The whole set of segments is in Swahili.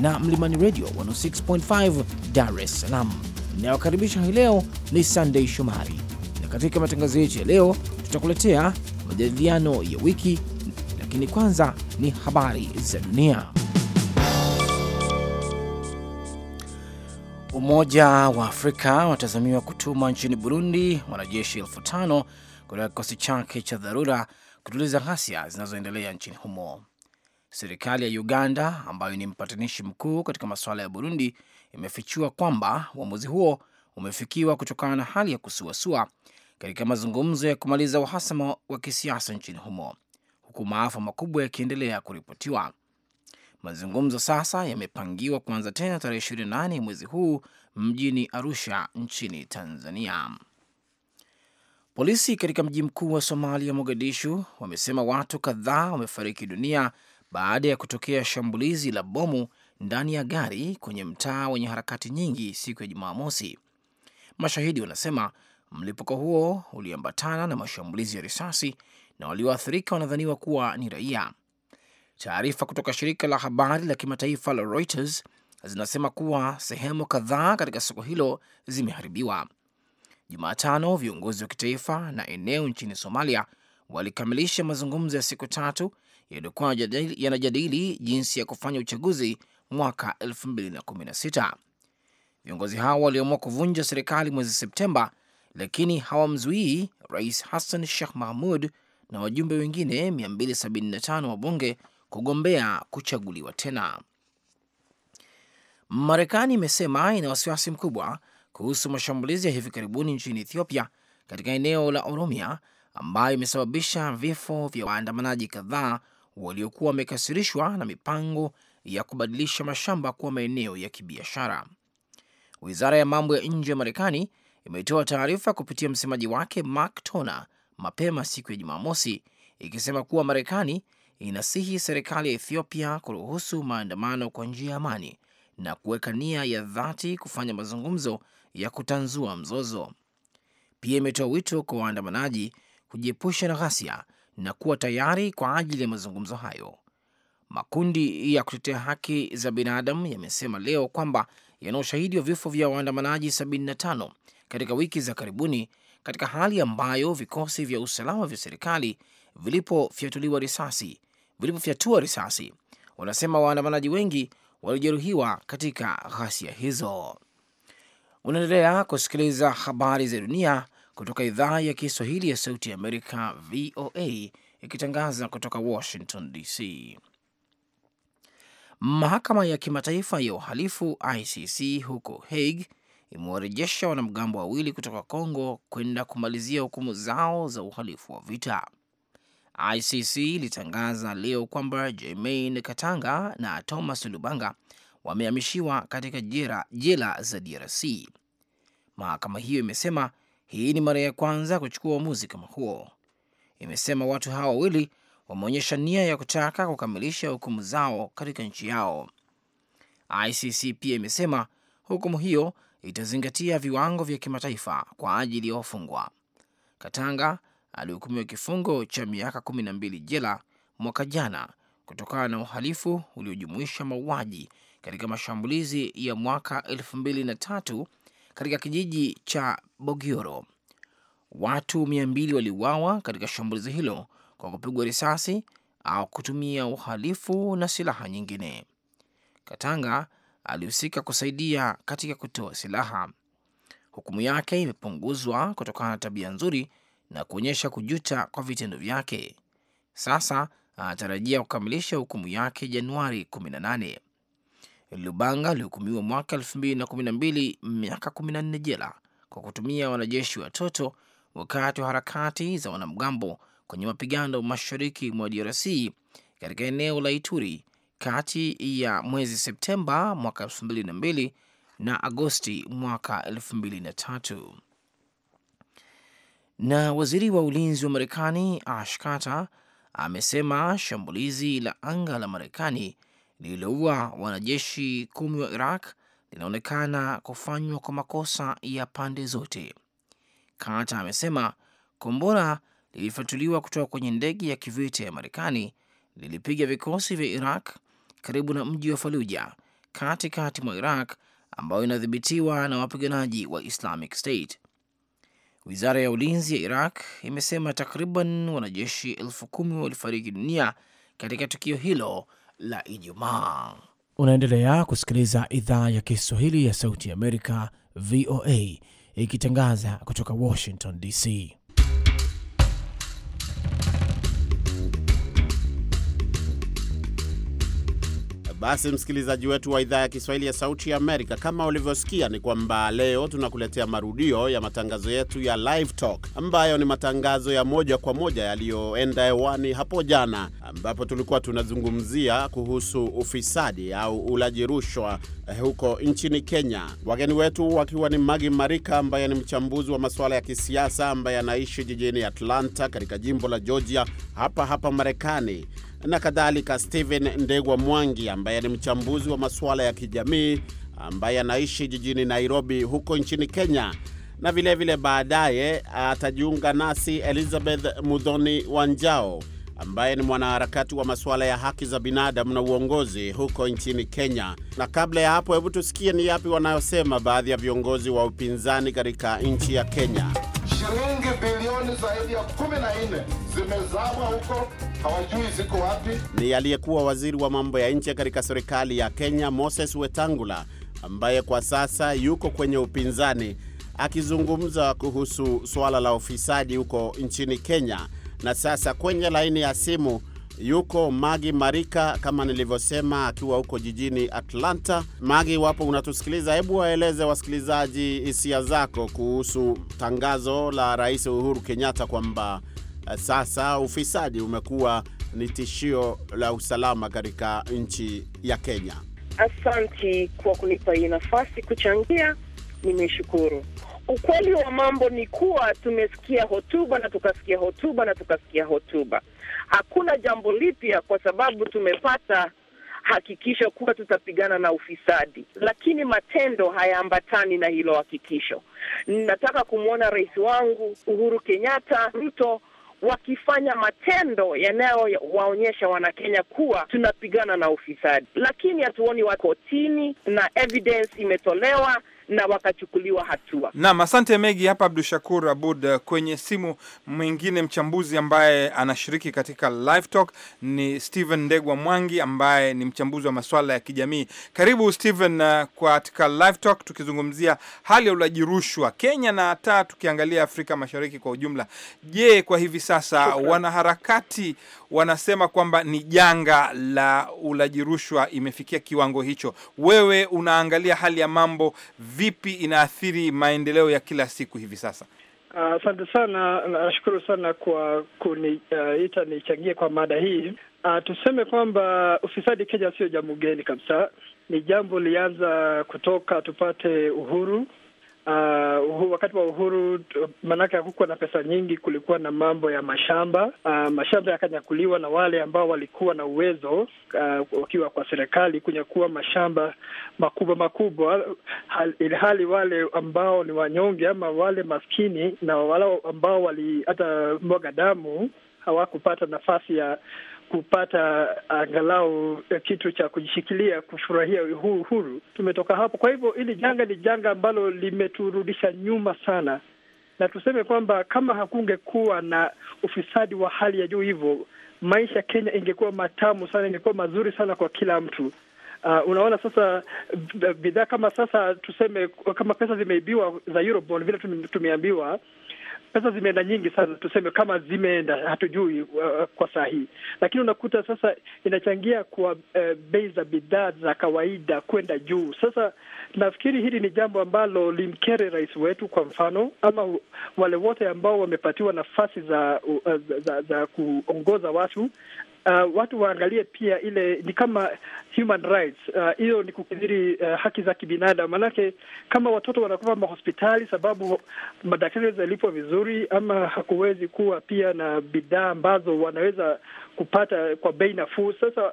na Mlimani Radio 106.5 Dar es Salaam. Inayokaribisha hii leo ni Sunday Shomari, na katika matangazo yetu ya leo tutakuletea majadiliano ya wiki, lakini kwanza ni habari za dunia. Umoja wa Afrika watazamiwa kutuma nchini Burundi wanajeshi elfu tano kutoka kikosi chake cha dharura kutuliza ghasia zinazoendelea nchini humo. Serikali ya Uganda ambayo ni mpatanishi mkuu katika masuala ya Burundi imefichua kwamba uamuzi huo umefikiwa kutokana na hali ya kusuasua katika mazungumzo ya kumaliza uhasama wa kisiasa nchini humo, huku maafa makubwa yakiendelea kuripotiwa. Mazungumzo sasa yamepangiwa kuanza tena tarehe 28 mwezi huu mjini Arusha nchini Tanzania. Polisi katika mji mkuu wa Somalia, Mogadishu, wamesema watu kadhaa wamefariki dunia baada ya kutokea shambulizi la bomu ndani ya gari kwenye mtaa wenye harakati nyingi siku ya Jumamosi. Mashahidi wanasema mlipuko huo uliambatana na mashambulizi ya risasi na walioathirika wanadhaniwa kuwa ni raia. Taarifa kutoka shirika la habari la kimataifa la Reuters zinasema kuwa sehemu kadhaa katika soko hilo zimeharibiwa. Jumatano, viongozi wa kitaifa na eneo nchini Somalia walikamilisha mazungumzo ya siku tatu yaliyokuwa yanajadili jinsi ya kufanya uchaguzi mwaka 2016. Viongozi hao waliamua kuvunja serikali mwezi Septemba, lakini hawamzuii Rais Hassan Sheikh Mahmud na wajumbe wengine 275 wa bunge kugombea kuchaguliwa tena. Marekani imesema ina wasiwasi mkubwa kuhusu mashambulizi ya hivi karibuni nchini Ethiopia katika eneo la Oromia ambayo imesababisha vifo vya waandamanaji kadhaa waliokuwa wamekasirishwa na mipango ya kubadilisha mashamba kuwa maeneo ya kibiashara. Wizara ya mambo ya nje ya Marekani imetoa taarifa kupitia msemaji wake Mark Tona mapema siku ya Jumamosi ikisema kuwa Marekani inasihi serikali ya Ethiopia kuruhusu maandamano kwa njia ya amani na kuweka nia ya dhati kufanya mazungumzo ya kutanzua mzozo. Pia imetoa wito kwa waandamanaji kujiepusha na ghasia na kuwa tayari kwa ajili ya mazungumzo hayo. Makundi ya kutetea haki za binadamu yamesema leo kwamba yana ushahidi wa vifo vya waandamanaji 75 katika wiki za karibuni katika hali ambayo vikosi vya usalama vya serikali vilipofyatuliwa risasi vilipofyatua risasi. Wanasema waandamanaji wengi waliojeruhiwa katika ghasia hizo. Unaendelea kusikiliza habari za dunia kutoka idhaa ya Kiswahili ya Sauti ya Amerika, VOA, ikitangaza kutoka Washington DC. Mahakama ya Kimataifa ya Uhalifu, ICC, huko Hague imewarejesha wanamgambo wawili kutoka Kongo kwenda kumalizia hukumu zao za uhalifu wa vita. ICC ilitangaza leo kwamba Germain Katanga na Thomas Lubanga wamehamishiwa katika jela za DRC. Mahakama hiyo imesema hii ni mara ya kwanza kuchukua uamuzi kama huo. Imesema watu hawa wawili wameonyesha nia ya kutaka kukamilisha hukumu zao katika nchi yao. ICC pia imesema hukumu hiyo itazingatia viwango vya kimataifa kwa ajili ya wafungwa. Katanga alihukumiwa kifungo cha miaka kumi na mbili jela mwaka jana kutokana na uhalifu uliojumuisha mauaji katika mashambulizi ya mwaka elfu mbili na tatu katika kijiji cha Bogioro. Watu mia mbili waliuawa katika shambulizi hilo kwa kupigwa risasi au kutumia uhalifu na silaha nyingine. Katanga alihusika kusaidia katika kutoa silaha. Hukumu yake imepunguzwa kutokana na tabia nzuri na kuonyesha kujuta kwa vitendo vyake. Sasa anatarajia kukamilisha hukumu yake Januari 18. Lubanga alihukumiwa mwaka mbili miaka nne jela kwa kutumia wanajeshi watoto wakati wa harakati za wanamgambo kwenye mapigano mashariki mwa DRC katika eneo la Ituri kati ya mwezi Septemba mwaka mbili na Agosti mwaka 2003. Na waziri wa ulinzi wa Marekani Ash Carter amesema shambulizi la anga la Marekani lililoua wanajeshi kumi wa Iraq linaonekana kufanywa kwa makosa ya pande zote. Kata amesema kombora lilifyatuliwa kutoka kwenye ndege ya kivita ya Marekani lilipiga vikosi vya Iraq karibu na mji wa Faluja katikati mwa Iraq ambayo inadhibitiwa na wapiganaji wa Islamic State. Wizara ya ulinzi ya Iraq imesema takriban wanajeshi elfu kumi walifariki dunia katika tukio hilo la Ijumaa. Unaendelea kusikiliza idhaa ya Kiswahili ya Sauti ya Amerika, VOA, ikitangaza kutoka Washington DC. Basi msikilizaji wetu wa idhaa ya Kiswahili ya Sauti ya Amerika, kama ulivyosikia, ni kwamba leo tunakuletea marudio ya matangazo yetu ya Live Talk ambayo ni matangazo ya moja kwa moja yaliyoenda hewani hapo jana, ambapo tulikuwa tunazungumzia kuhusu ufisadi au ulaji rushwa eh, huko nchini Kenya, wageni wetu wakiwa ni Magi Marika ambaye ni mchambuzi wa masuala ya kisiasa ambaye anaishi jijini Atlanta katika jimbo la Georgia hapa hapa Marekani na kadhalika, Stephen Ndegwa Mwangi ambaye ni mchambuzi wa masuala ya kijamii ambaye anaishi jijini Nairobi huko nchini Kenya, na vilevile baadaye atajiunga nasi Elizabeth Mudhoni Wanjao ambaye ni mwanaharakati wa masuala ya haki za binadamu na uongozi huko nchini Kenya. Na kabla ya hapo, hebu tusikie ni yapi wanayosema baadhi ya viongozi wa upinzani katika nchi ya Kenya shilingi bilioni zaidi ya kumi na nne zimezama huko, hawajui ziko wapi. Ni aliyekuwa waziri wa mambo ya nje katika serikali ya Kenya Moses Wetangula ambaye kwa sasa yuko kwenye upinzani akizungumza kuhusu suala la ufisadi huko nchini Kenya. Na sasa kwenye laini ya simu yuko Magi Marika kama nilivyosema, akiwa huko jijini Atlanta. Magi, iwapo unatusikiliza, hebu waeleze wasikilizaji hisia zako kuhusu tangazo la Rais Uhuru Kenyatta kwamba eh, sasa ufisadi umekuwa ni tishio la usalama katika nchi ya Kenya. Asanti kwa kunipa hii nafasi kuchangia, nimeshukuru. Ukweli wa mambo ni kuwa tumesikia hotuba na tukasikia hotuba na tukasikia hotuba hakuna jambo lipya, kwa sababu tumepata hakikisho kuwa tutapigana na ufisadi, lakini matendo hayaambatani na hilo hakikisho. Nataka kumwona rais wangu Uhuru Kenyatta, Ruto wakifanya matendo yanayowaonyesha Wanakenya kuwa tunapigana na ufisadi, lakini hatuoni wa kotini na evidence imetolewa na wakachukuliwa hatua. Naam, asante Megi. Hapa Abdu Shakur Abud eh, kwenye simu. Mwingine mchambuzi ambaye anashiriki katika live talk ni Steven Ndegwa Mwangi ambaye ni mchambuzi wa masuala ya kijamii. Karibu Steven eh, katika live talk, tukizungumzia hali ya ulaji rushwa Kenya na hata tukiangalia Afrika Mashariki kwa ujumla. Je, kwa hivi sasa wanaharakati wanasema kwamba ni janga la ulaji rushwa imefikia kiwango hicho, wewe unaangalia hali ya mambo vipi inaathiri maendeleo ya kila siku hivi sasa? Ah, asante uh, sana. Nashukuru sana kwa kuniita uh, nichangie kwa mada hii. Uh, tuseme kwamba ufisadi Kenya sio jambo geni kabisa, ni jambo lilianza kutoka tupate uhuru uh, wakati wa uhuru maanake hakukuwa na pesa nyingi, kulikuwa na mambo ya mashamba uh, mashamba yakanyakuliwa na wale ambao walikuwa na uwezo uh, wakiwa kwa serikali kunyakua mashamba makubwa makubwa, ilhali wale ambao ni wanyonge ama wale maskini na wale ambao wali hata mboga damu hawakupata nafasi ya kupata angalau kitu cha kujishikilia kufurahia huu huru, Tumetoka hapo. Kwa hivyo hili janga ni janga ambalo limeturudisha nyuma sana, na tuseme kwamba kama hakungekuwa na ufisadi wa hali ya juu hivyo, maisha Kenya ingekuwa matamu sana, ingekuwa mazuri sana kwa kila mtu. Uh, unaona sasa bidhaa kama sasa tuseme kama pesa zimeibiwa za Eurobond vile tumeambiwa pesa zimeenda nyingi sana, tuseme kama zimeenda, hatujui uh, kwa saa hii, lakini unakuta sasa inachangia kwa uh, bei za bidhaa za kawaida kwenda juu. Sasa nafikiri hili ni jambo ambalo limkere rais wetu, kwa mfano, ama wale wote ambao wamepatiwa nafasi za, uh, za, za, za kuongoza watu uh, watu waangalie pia ile ni kama human rights uh, hiyo, uh, ni kukidhiri uh, haki za kibinadamu. manake kama watoto wanakufa mahospitali sababu madaktari zalipwa vizuri, ama hakuwezi kuwa pia na bidhaa ambazo wanaweza kupata kwa bei nafuu. Sasa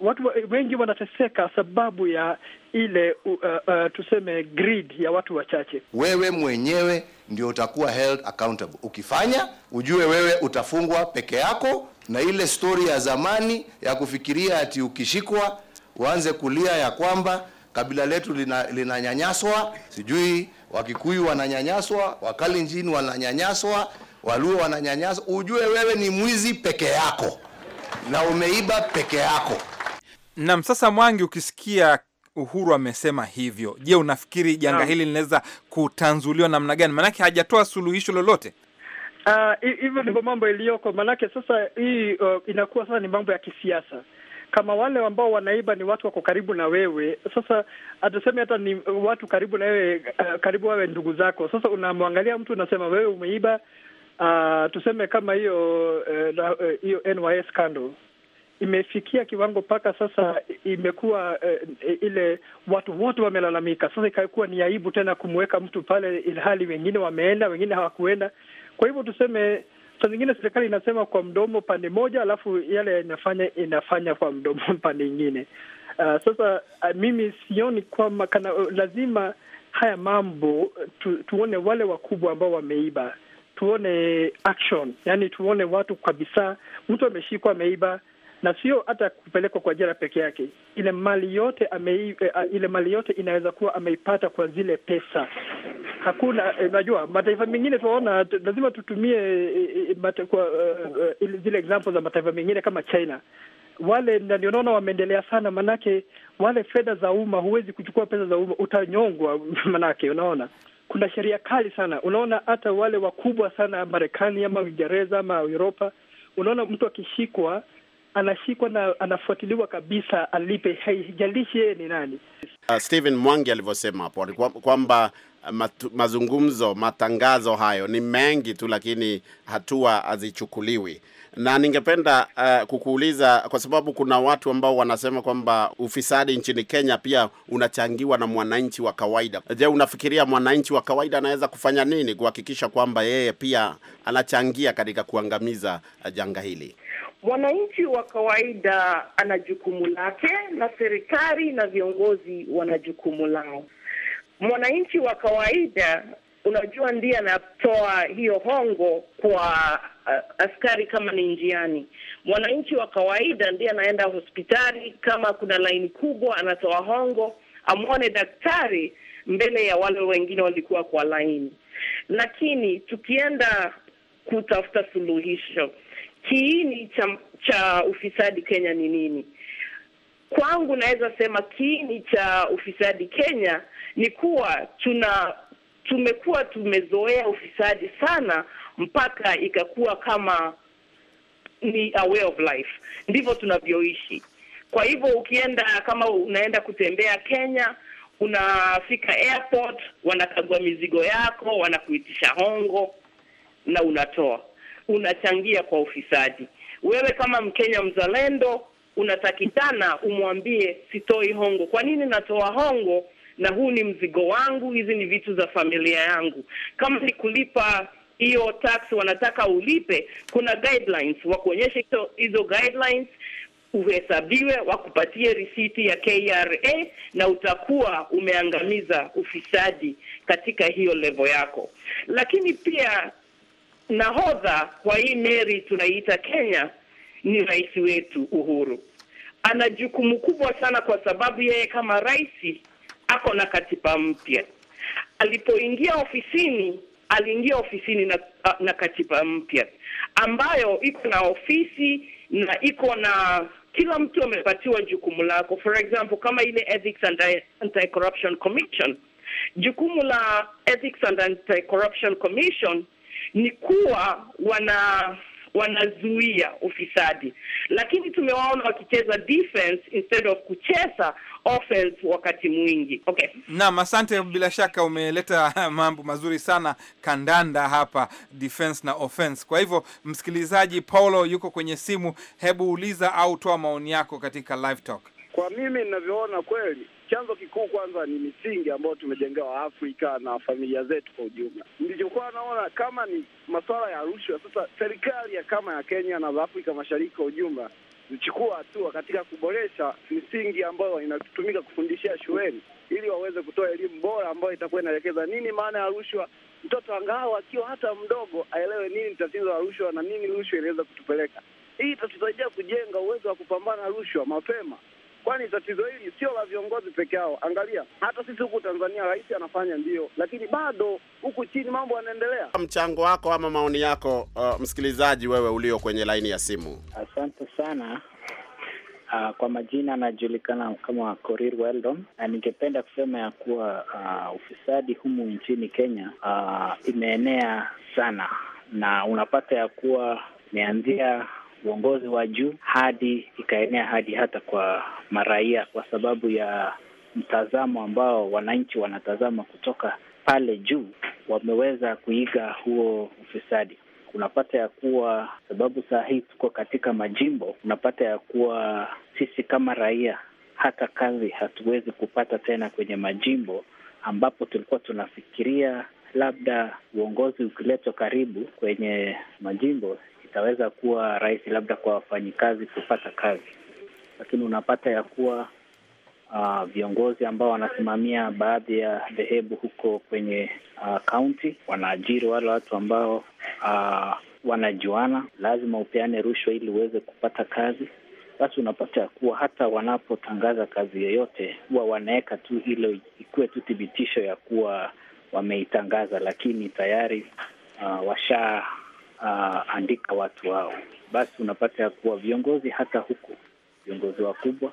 watu wengi wanateseka sababu ya ile uh, uh, uh, tuseme greed ya watu wachache. Wewe mwenyewe ndio utakuwa held accountable. Ukifanya ujue wewe utafungwa peke yako na ile stori ya zamani ya kufikiria ati ukishikwa uanze kulia ya kwamba kabila letu linanyanyaswa, lina sijui Wakikuyu wananyanyaswa, Wakalenjin wananyanyaswa, Waluo wananyanyaswa, ujue wewe ni mwizi peke yako na umeiba peke yako. Nam, sasa Mwangi, ukisikia Uhuru amesema hivyo, je, unafikiri janga hili linaweza kutanzuliwa namna gani? Maanake hajatoa suluhisho lolote. Ah, hivyo uh, ndivyo mambo iliyoko, maanake sasa hii uh, inakuwa sasa ni mambo ya kisiasa kama wale ambao wanaiba ni watu wako karibu na wewe. Sasa atuseme hata ni watu karibu na wewe, uh, karibu wawe ndugu zako. Sasa unamwangalia mtu unasema wewe umeiba. Uh, tuseme kama hiyo uh, uh, hiyo uh, uh, NYS scandal imefikia kiwango mpaka sasa imekuwa uh, ile watu wote wamelalamika. Sasa ikakuwa ni aibu tena kumweka mtu pale, ilhali wengine wameenda, wengine hawakuenda. Kwa hivyo tuseme sa zingine serikali inasema kwa mdomo pande moja, alafu yale inafanya inafanya kwa mdomo pande ingine. Uh, sasa uh, mimi sioni kwamba kana lazima haya mambo tu, tuone wale wakubwa ambao wameiba, tuone action, yani tuone watu kabisa, mtu ameshikwa ameiba na sio hata kupelekwa kwa jela peke yake. Ile mali yote ame, eh, ah, ile mali yote inaweza kuwa ameipata kwa zile pesa. Hakuna unajua, eh, mataifa mengine tunaona lazima tutumie eh, mate, kwa, uh, zile example za mataifa mengine kama China wale ndio naona wameendelea sana, manake wale fedha za umma, huwezi kuchukua pesa za umma, utanyongwa. Manake unaona kuna sheria kali sana. Unaona hata wale wakubwa sana Marekani ama Uingereza ama Uropa, unaona mtu akishikwa anashikwa na anafuatiliwa kabisa, alipe, haijalishi yeye ni nani. Uh, Stephen Mwangi alivyosema hapo kwamba matu, mazungumzo matangazo hayo ni mengi tu, lakini hatua hazichukuliwi na ningependa uh, kukuuliza kwa sababu kuna watu ambao wanasema kwamba ufisadi nchini Kenya pia unachangiwa na mwananchi wa kawaida. Je, unafikiria mwananchi wa kawaida anaweza kufanya nini kuhakikisha kwamba yeye pia anachangia katika kuangamiza eh, janga hili? Mwananchi wa kawaida ana jukumu lake na serikali na viongozi wana jukumu lao. Mwananchi wa kawaida, unajua, ndiye anatoa hiyo hongo kwa uh, askari kama ni njiani. Mwananchi wa kawaida ndiye anaenda hospitali kama kuna laini kubwa, anatoa hongo amwone daktari mbele ya wale wengine walikuwa kwa laini. Lakini tukienda kutafuta suluhisho kiini cha, cha ufisadi Kenya ni nini? Kwangu naweza sema kiini cha ufisadi Kenya ni kuwa tuna tumekuwa tumezoea ufisadi sana mpaka ikakuwa kama ni a way of life, ndivyo tunavyoishi. Kwa hivyo ukienda kama unaenda kutembea Kenya, unafika airport, wanakagua mizigo yako, wanakuitisha hongo na unatoa unachangia kwa ufisadi. Wewe kama Mkenya mzalendo unatakitana umwambie, sitoi hongo. Kwa nini natoa hongo? na huu ni mzigo wangu, hizi ni vitu za familia yangu. Kama ni kulipa hiyo tax wanataka ulipe, kuna guidelines wa kuonyesha hizo guidelines, uhesabiwe, wakupatie risiti ya KRA na utakuwa umeangamiza ufisadi katika hiyo level yako. Lakini pia nahodha kwa hii meri tunaiita Kenya ni rais wetu Uhuru. Ana jukumu kubwa sana, kwa sababu yeye kama rais ako na katiba mpya. Alipoingia ofisini, aliingia ofisini na, ah, na katiba mpya ambayo iko na ofisi na iko na kila mtu amepatiwa jukumu lako. For example, kama ile Ethics and Anti-Corruption Commission, jukumu la Ethics and Anti-Corruption Commission ni kuwa wana wanazuia ufisadi, lakini tumewaona wakicheza defense instead of kucheza offense wakati mwingi. Okay, naam, asante. Bila shaka umeleta mambo mazuri sana kandanda hapa, defense na offense. Kwa hivyo, msikilizaji Paulo yuko kwenye simu, hebu uliza au toa maoni yako katika live talk. Kwa mimi ninavyoona kweli chanzo kikuu kwanza ni misingi ambayo tumejengewa Afrika na familia zetu kwa ujumla. Nilichokuwa naona kama ni masuala ya rushwa, sasa serikali ya kama ya Kenya na za Afrika Mashariki kwa ujumla zichukua hatua katika kuboresha misingi ambayo inatumika kufundishia shuleni ili waweze kutoa elimu bora ambayo itakuwa inaelekeza nini maana ya rushwa, mtoto angalau akiwa hata mdogo aelewe nini tatizo la rushwa na nini rushwa inaweza kutupeleka. Hii itatusaidia kujenga uwezo wa kupambana rushwa mapema kwani tatizo hili sio la viongozi peke yao. Angalia hata sisi huku Tanzania, rais anafanya ndio, lakini bado huku chini mambo yanaendelea. Mchango wako ama maoni yako, uh, msikilizaji wewe ulio kwenye laini ya simu? Asante sana. Uh, kwa majina anajulikana kama Korir Weldon, na ningependa kusema ya kuwa uh, ufisadi humu nchini Kenya uh, imeenea sana, na unapata ya kuwa imeanzia uongozi wa juu hadi ikaenea hadi hata kwa maraia, kwa sababu ya mtazamo ambao wananchi wanatazama kutoka pale juu, wameweza kuiga huo ufisadi. Unapata ya kuwa sababu saa hii tuko katika majimbo, unapata ya kuwa sisi kama raia hata kazi hatuwezi kupata tena kwenye majimbo ambapo tulikuwa tunafikiria labda uongozi ukiletwa karibu kwenye majimbo itaweza kuwa rahisi labda kwa wafanyikazi kupata kazi, lakini unapata ya kuwa uh, viongozi ambao wanasimamia baadhi ya dhehebu huko kwenye kaunti uh, wanaajiri wale watu ambao uh, wanajuana. Lazima upeane rushwa ili uweze kupata kazi. Basi unapata kuwa hata wanapotangaza kazi yoyote huwa wanaweka tu ile ikuwe tu thibitisho ya kuwa wameitangaza, lakini tayari uh, washa uh, andika watu wao, basi unapata ya kuwa viongozi hata huko, viongozi wakubwa,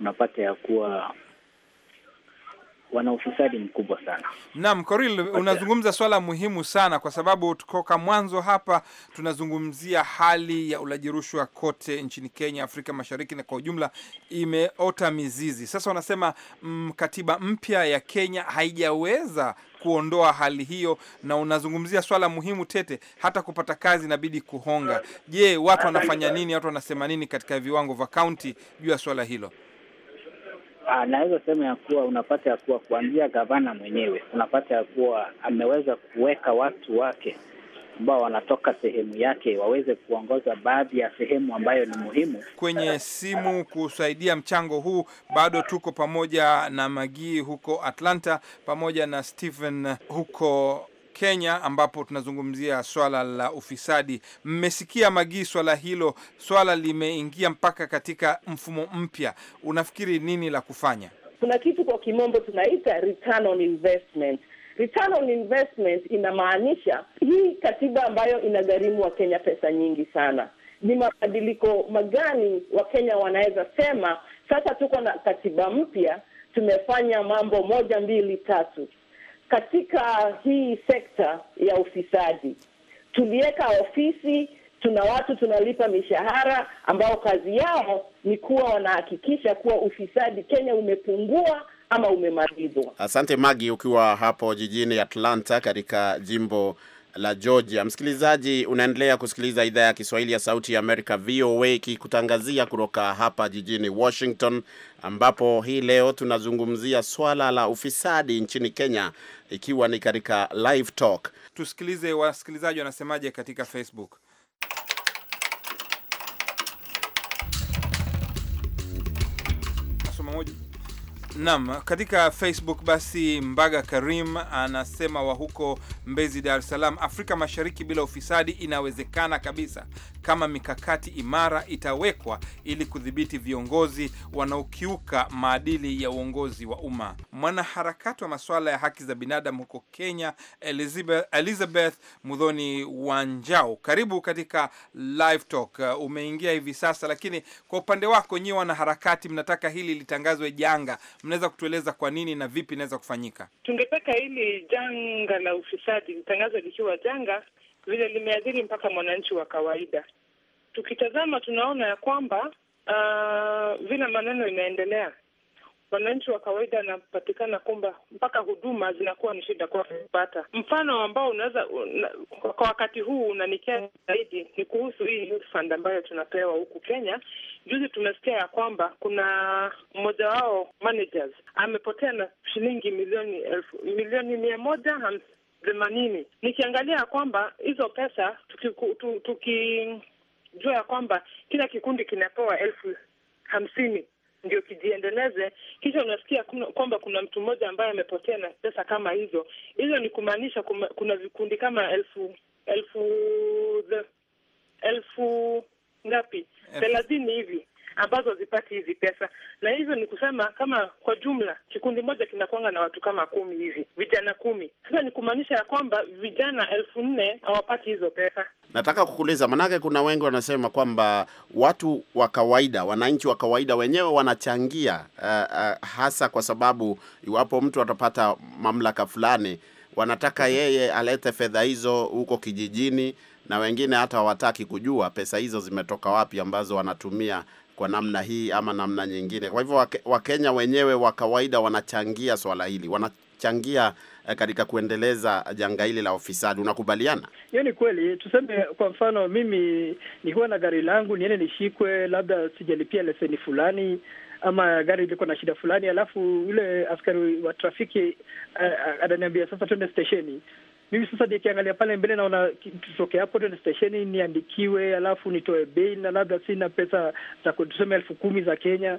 unapata ya kuwa wana ufisadi mkubwa sana. Naam, Koril, unazungumza swala muhimu sana kwa sababu tukoka mwanzo hapa tunazungumzia hali ya ulaji rushwa kote nchini Kenya, Afrika Mashariki na kwa ujumla imeota mizizi. Sasa wanasema mm, katiba mpya ya Kenya haijaweza kuondoa hali hiyo, na unazungumzia swala muhimu tete, hata kupata kazi inabidi kuhonga. Je, watu wanafanya nini? Watu wanasema nini katika viwango vya kaunti juu ya swala hilo? Ah, naweza sema ya kuwa unapata ya kuwa kuanzia gavana mwenyewe unapata ya kuwa ameweza kuweka watu wake ambao wanatoka sehemu yake waweze kuongoza baadhi ya sehemu ambayo ni muhimu. Kwenye simu kusaidia mchango huu, bado tuko pamoja na Magii huko Atlanta pamoja na Stephen huko Kenya ambapo tunazungumzia swala la ufisadi. Mmesikia Magii, swala hilo swala limeingia mpaka katika mfumo mpya. Unafikiri nini la kufanya? Kuna kitu kwa kimombo tunaita return on investment Return on investment inamaanisha hii katiba ambayo inagharimu Wakenya pesa nyingi sana, ni mabadiliko magani Wakenya wanaweza sema sasa tuko na katiba mpya, tumefanya mambo moja mbili tatu katika hii sekta ya ufisadi. Tuliweka ofisi, tuna watu tunalipa mishahara ambao kazi yao ni kuwa wanahakikisha kuwa ufisadi Kenya umepungua ama umemalizwa. Asante Magi, ukiwa hapo jijini Atlanta katika jimbo la Georgia. Msikilizaji, unaendelea kusikiliza idhaa ya Kiswahili ya Sauti ya Amerika, VOA, ikikutangazia kutoka hapa jijini Washington, ambapo hii leo tunazungumzia swala la ufisadi nchini Kenya, ikiwa ni katika live talk. Tusikilize wasikilizaji wanasemaje katika Facebook. Naam, katika Facebook basi Mbaga Karim anasema wa huko Mbezi, Dar es Salaam, Afrika Mashariki bila ufisadi inawezekana kabisa kama mikakati imara itawekwa ili kudhibiti viongozi wanaokiuka maadili ya uongozi wa umma. Mwanaharakati wa masuala ya haki za binadamu huko Kenya, Elizabeth, Elizabeth Mudhoni Wanjao, karibu katika Live Talk. Umeingia hivi sasa, lakini kwa upande wako nyiwe wanaharakati mnataka hili litangazwe janga, mnaweza kutueleza kwa nini na vipi inaweza kufanyika? Tungetaka hili janga la ufisadi litangazwe likiwa janga vile limeathiri mpaka mwananchi wa kawaida. Tukitazama tunaona ya kwamba uh, vile maneno inaendelea, wananchi wa kawaida anapatikana kwamba mpaka huduma zinakuwa ni shida kwa kupata. Mfano ambao unaweza una, kwa wakati huu unanikea zaidi ni kuhusu hii youth fund ambayo tunapewa huku Kenya. Juzi tumesikia ya kwamba kuna mmoja wao managers amepotea na shilingi milioni elfu milioni mia moja hamsini themanini, nikiangalia ya kwamba hizo pesa tukijua tuki, ya kwamba kila kikundi kinapewa elfu hamsini ndio kijiendeleze, kisha unasikia kwamba kuna mtu mmoja ambaye amepotea na pesa kama hizo. Hizo ni kumaanisha kuma, kuna vikundi kama elfu elfu elfu ngapi thelathini hivi ambazo hazipati hizi pesa, na hivyo ni kusema kama kwa jumla kikundi moja kinakwanga na watu kama kumi hivi, vijana kumi. Sasa ni kumaanisha ya kwamba vijana elfu nne hawapati hizo pesa. Nataka kukuuliza, manake kuna wengi wanasema kwamba watu wa kawaida, wananchi wa kawaida wenyewe wanachangia uh, uh, hasa kwa sababu iwapo mtu atapata mamlaka fulani wanataka yeye alete fedha hizo huko kijijini, na wengine hata hawataki kujua pesa hizo zimetoka wapi ambazo wanatumia kwa namna hii ama namna nyingine. Kwa hivyo Wakenya wenyewe wa kawaida wanachangia swala hili, wanachangia eh, katika kuendeleza janga hili la ufisadi. Unakubaliana? Hiyo ni kweli. Tuseme kwa mfano, mimi nikiwa na gari langu niende nishikwe, labda sijalipia leseni fulani ama gari liko na shida fulani, alafu yule askari wa trafiki eh, eh, ananiambia sasa, twende stesheni mimi sasa nikiangalia pale mbele naona tutoke hapo twende stesheni niandikiwe, alafu nitoe bei, na labda sina pesa za tuseme elfu kumi za Kenya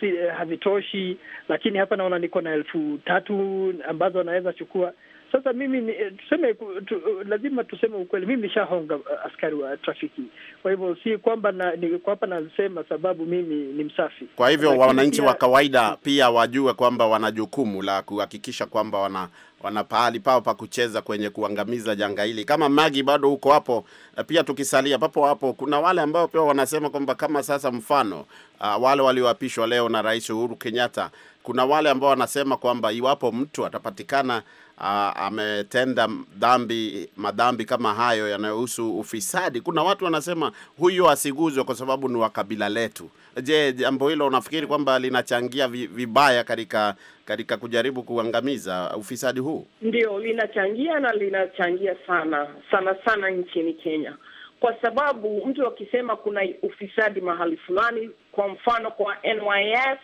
si, eh, hazitoshi, lakini hapa naona niko na elfu tatu ambazo anaweza chukua sasa mimi ni, eh, tuseme tu, eh, lazima tuseme ukweli, mimi nishahonga eh, askari wa trafiki, kwa hivyo si kwamba na, ni, kwa hapa nasema sababu mimi ni msafi. Kwa hivyo wananchi wa kawaida pia wajue kwamba wana jukumu la kuhakikisha kwamba wana wana pahali pao pa kucheza kwenye kuangamiza janga hili. Kama Magi bado huko hapo, pia tukisalia papo hapo, kuna wale ambao pia wanasema kwamba kama sasa mfano uh, wale walioapishwa leo na Rais Uhuru Kenyatta, kuna wale ambao wanasema kwamba iwapo mtu atapatikana uh, ametenda dhambi madhambi kama hayo yanayohusu ufisadi. Kuna watu wanasema huyu asiguzwe kwa sababu ni wa kabila letu. Je, jambo hilo unafikiri kwamba linachangia vibaya katika katika kujaribu kuangamiza ufisadi huu? Ndio, linachangia na linachangia sana sana sana nchini Kenya kwa sababu mtu akisema kuna ufisadi mahali fulani, kwa mfano kwa NYS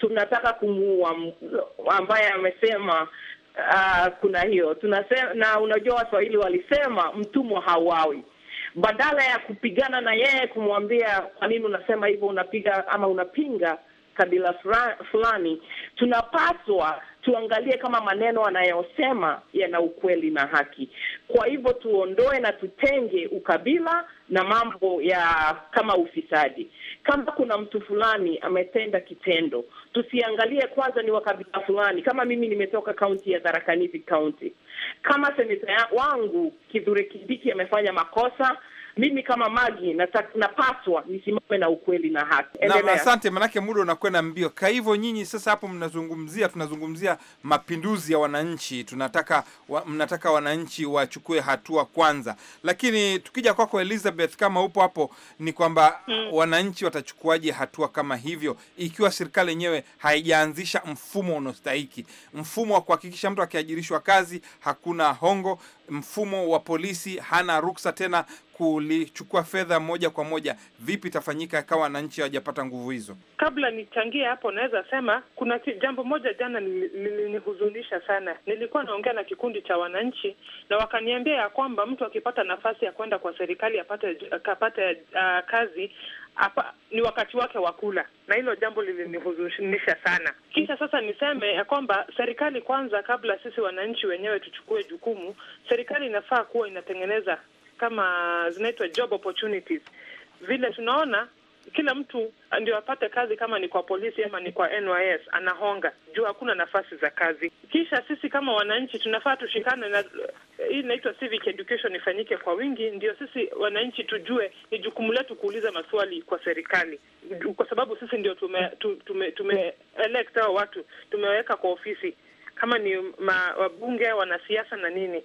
tunataka kumuua ambaye amesema uh, kuna hiyo tunasema, na unajua Waswahili walisema mtumwa hauawi. Badala ya kupigana na yeye kumwambia kwa nini unasema hivyo, unapiga ama unapinga kabila fulani, tunapaswa tuangalie kama maneno anayosema yana ukweli na haki. Kwa hivyo tuondoe na tutenge ukabila na mambo ya kama ufisadi. Kama kuna mtu fulani ametenda kitendo, tusiangalie kwanza ni wakabila fulani. Kama mimi nimetoka kaunti ya Tharaka Nithi County, kama seneta wangu Kithure Kindiki amefanya makosa mimi kama Magi napaswa nisimame na ukweli na haki. Na asante, manake muda unakwenda mbio. Kwa hivyo nyinyi sasa hapo mnazungumzia, tunazungumzia mapinduzi ya wananchi, tunataka wa, mnataka wananchi wachukue hatua kwanza, lakini tukija kwako kwa Elizabeth, kama upo hapo, ni kwamba hmm, wananchi watachukuaje hatua kama hivyo ikiwa serikali yenyewe haijaanzisha mfumo unaostahiki, mfumo wa kuhakikisha mtu akiajirishwa kazi hakuna hongo mfumo wa polisi hana ruksa tena kulichukua fedha moja kwa moja. Vipi itafanyika akawa wananchi hawajapata nguvu hizo? Kabla nichangie hapo, naweza sema kuna jambo moja jana lilinihuzunisha sana. Nilikuwa naongea na kikundi cha wananchi na wakaniambia ya kwamba mtu akipata nafasi ya kwenda kwa serikali apate, apate uh, ah, kazi hapa ni wakati wake wa kula, na hilo jambo lilinihuzunisha sana. Kisha sasa niseme ya kwamba serikali kwanza, kabla sisi wananchi wenyewe tuchukue jukumu, serikali inafaa kuwa inatengeneza kama zinaitwa job opportunities. Vile tunaona kila mtu ndio apate kazi, kama ni kwa polisi ama ni kwa NYS anahonga juu hakuna nafasi za kazi. Kisha sisi kama wananchi tunafaa tushikane na hii inaitwa civic education ifanyike kwa wingi, ndio sisi wananchi tujue ni jukumu letu kuuliza maswali kwa serikali, kwa sababu sisi ndio tume, tume, tume elect hao watu tumeweka kwa ofisi, kama ni ma, wabunge, wanasiasa na nini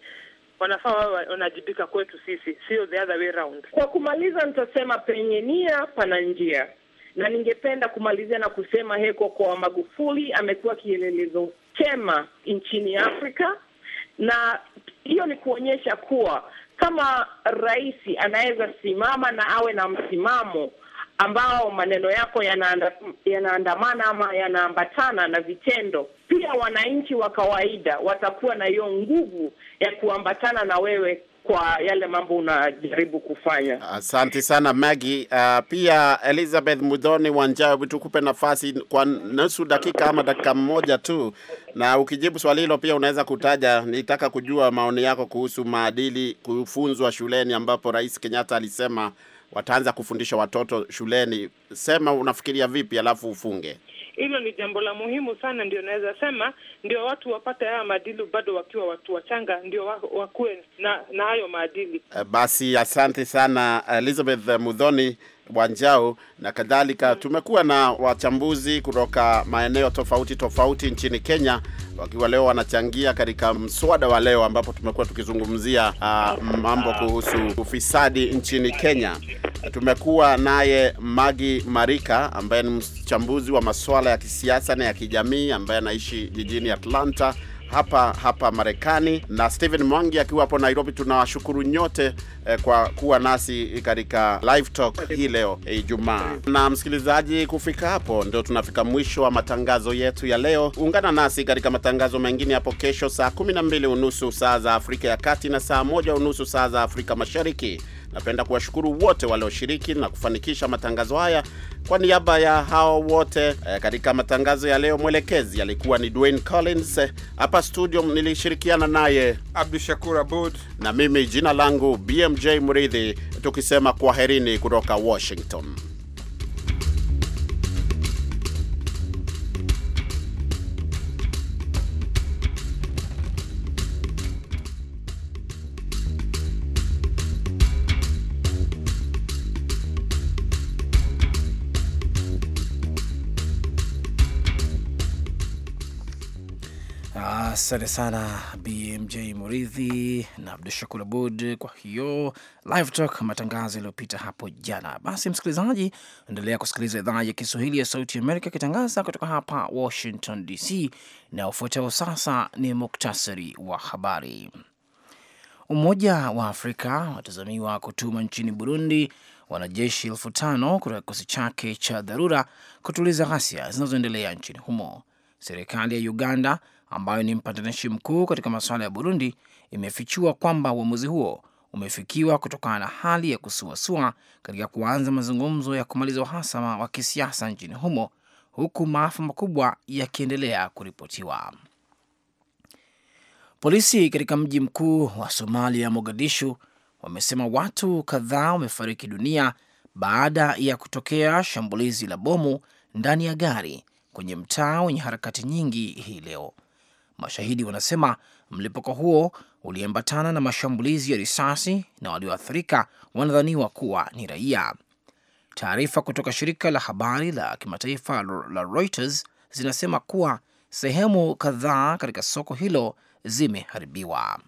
wanafaa wawe wanajibika kwetu sisi, sio the other way round. Kwa kumaliza, nitasema penye nia pana njia, na ningependa kumalizia na kusema heko kwa Magufuli, amekuwa kielelezo chema nchini Afrika, na hiyo ni kuonyesha kuwa kama rais anaweza simama na awe na msimamo ambao maneno yako yanaandamana yana ama yanaambatana na vitendo pia wananchi wa kawaida watakuwa na hiyo nguvu ya kuambatana na wewe kwa yale mambo unajaribu kufanya. Asante sana magi Uh, ah, pia Elizabeth Mudhoni Wanjao, tukupe nafasi kwa nusu dakika ama dakika mmoja tu, na ukijibu swali hilo pia unaweza kutaja, nitaka kujua maoni yako kuhusu maadili kufunzwa shuleni, ambapo Rais Kenyatta alisema wataanza kufundisha watoto shuleni. Sema unafikiria vipi, alafu ufunge. Hilo ni jambo la muhimu sana, ndio naweza sema ndio watu wapate haya maadili bado wakiwa watu wachanga, ndio wakuwe na, na hayo maadili. Eh, basi asante sana Elizabeth Mudhoni. Wanjao na kadhalika. Tumekuwa na wachambuzi kutoka maeneo tofauti tofauti nchini Kenya wakiwa leo wanachangia katika mswada wa leo, ambapo tumekuwa tukizungumzia uh, mambo kuhusu ufisadi nchini Kenya. Tumekuwa naye Magi Marika ambaye ni mchambuzi wa masuala ya kisiasa na ya kijamii ambaye anaishi jijini Atlanta hapa hapa Marekani, na Stephen Mwangi akiwa hapo Nairobi. Tunawashukuru nyote eh, kwa kuwa nasi katika live talk hii leo eh, Ijumaa. Eh, na msikilizaji, kufika hapo ndio tunafika mwisho wa matangazo yetu ya leo. Ungana nasi katika matangazo mengine hapo kesho saa 12 unusu saa za Afrika ya Kati na saa 1 unusu saa za Afrika Mashariki. Napenda kuwashukuru wote walioshiriki na kufanikisha matangazo haya. Kwa niaba ya hao wote eh, katika matangazo ya leo, mwelekezi alikuwa ni Dwayne Collins. Eh, hapa studio nilishirikiana naye abdu shakur Abud na mimi jina langu BMJ Mridhi, tukisema kwaherini kutoka Washington. Asante sana BMJ Muridhi na Abdu Shakur Abud kwa hiyo live talk, matangazo yaliyopita hapo jana. Basi msikilizaji, endelea kusikiliza idhaa ya Kiswahili ya Sauti Amerika ikitangaza kutoka hapa Washington DC, na ufuatao sasa ni muktasari wa habari. Umoja wa Afrika watazamiwa kutuma nchini Burundi wanajeshi elfu tano kutoka kikosi chake cha dharura kutuliza ghasia zinazoendelea nchini humo. Serikali ya Uganda ambayo ni mpatanishi mkuu katika masuala ya Burundi, imefichua kwamba uamuzi huo umefikiwa kutokana na hali ya kusuasua katika kuanza mazungumzo ya kumaliza uhasama wa kisiasa nchini humo, huku maafa makubwa yakiendelea kuripotiwa. Polisi katika mji mkuu wa Somalia, Mogadishu, wamesema watu kadhaa wamefariki dunia baada ya kutokea shambulizi la bomu ndani ya gari kwenye mtaa wenye harakati nyingi hii leo. Mashahidi wanasema mlipuko huo uliambatana na mashambulizi ya risasi na walioathirika wanadhaniwa kuwa ni raia. Taarifa kutoka shirika la habari la kimataifa la Reuters zinasema kuwa sehemu kadhaa katika soko hilo zimeharibiwa.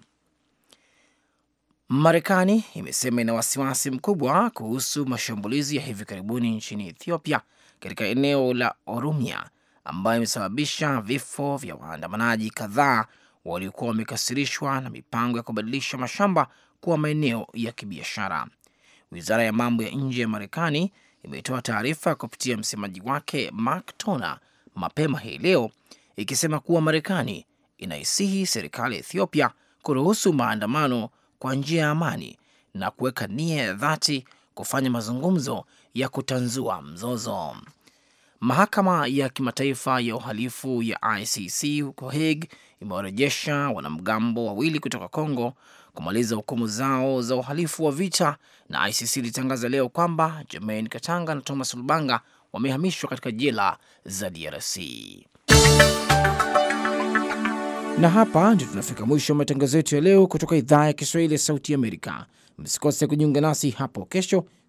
Marekani imesema ina wasiwasi mkubwa kuhusu mashambulizi ya hivi karibuni nchini Ethiopia katika eneo la Oromia ambayo imesababisha vifo vya waandamanaji kadhaa waliokuwa wamekasirishwa na mipango ya kubadilisha mashamba kuwa maeneo ya kibiashara. Wizara ya mambo ya nje ya Marekani imetoa taarifa kupitia msemaji wake Mark Tona mapema hii leo ikisema kuwa Marekani inaisihi serikali ya Ethiopia kuruhusu maandamano kwa njia ya amani na kuweka nia ya dhati kufanya mazungumzo ya kutanzua mzozo. Mahakama ya kimataifa ya uhalifu ya ICC huko Hague imewarejesha wanamgambo wawili kutoka Congo kumaliza hukumu zao za uhalifu wa vita, na ICC ilitangaza leo kwamba Germain Katanga na Thomas Lubanga wamehamishwa katika jela za DRC. Na hapa ndio tunafika mwisho wa matangazo yetu ya leo kutoka idhaa ya Kiswahili ya Sauti Amerika. Msikose kujiunga nasi hapo kesho